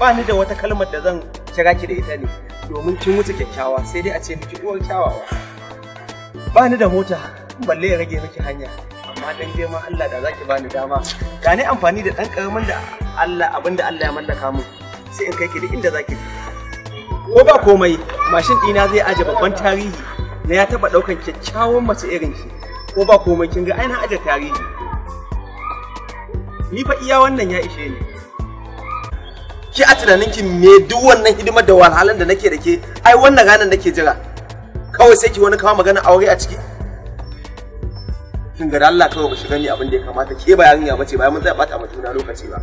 ba ni da wata kalmar da zan shiga ki da ita ne domin kin wuce kyakkyawa sai dai a ce miki uwar kyawawa ba ni da mota balle ya rage miki hanya amma dan girma Allah da zaki bani dama ga ni amfani da dan karamin da Allah abinda Allah ya mallaka mu sai in kai ki da inda zaki ko ba komai mashin dina zai aje babban tarihi na ya taba daukan kyakkyawan mace irin shi, ko ba komai kin ga ainihin aje tarihi ni fa iya wannan ya ishe ni ki a tunaninki me duk wannan hidimar da wahalan da nake da ke ai wannan ranar nake jira kawai sai ki wani kawo magana aure a ciki kin ga Allah kawai ba shiga ni abin da ya kamata ke ba yarinya bace ba mun zai bata mu juna lokaci ba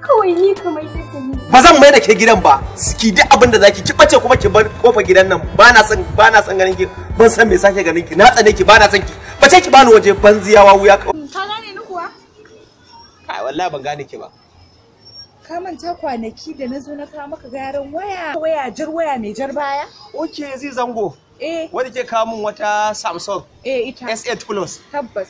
kawai ni kamar ba zan mai da ke gidan ba ki duk abin da zaki ki bace kuma ki bar kofar gidan nan ba na san ba na san ganin ki ban san me sake ganin ki na tsane ki ba na san ki bace ki bani waje banziyawa wuya kawai wallahi ban gane ki ba ka manta kwanaki da na zo na kawo maka gyaran waya waya jar waya mai jar baya Oke, zai zango eh wanda ke kawo min wata samsung eh ita s8 plus tabbas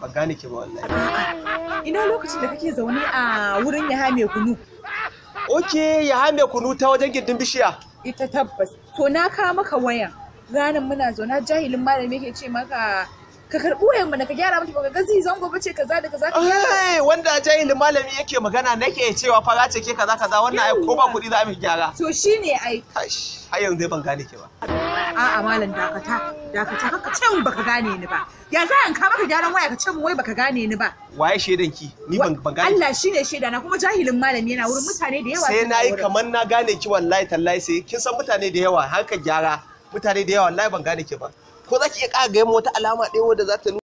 Ba gane ki ba wallahi ina lokacin da kake zaune a wurin yaha mai kunu oke yaha mai kunu ta wajen gindin bishiya ita tabbas to na kawo maka waya ranar muna zaune jahilin malami yake ce maka ka karɓi wayan mana ka gyara mata ba gazi zango ba ce kaza da kaza ka gyara wanda jahilin malami yake magana nake cewa fara ce ke kaza kaza wannan ai ko ba kuɗi za mu gyara to shine ai har yanzu ban gane ke ba a'a malam dakata dakata ka ce mun baka gane ni ba ya za an ka maka gyaran waya ka ce mun wai baka gane ni ba waye shaidan ki ni ban gane ki Allah shine shaida na kuma jahilin malami yana wurin mutane da yawa sai nayi kamar na gane ki wallahi tallahi sai kin san mutane da yawa har ka gyara mutane da yawa wallahi ban gane ke ba ko zaki ki iya ƙara ga wata alama ɗaya wadda za ta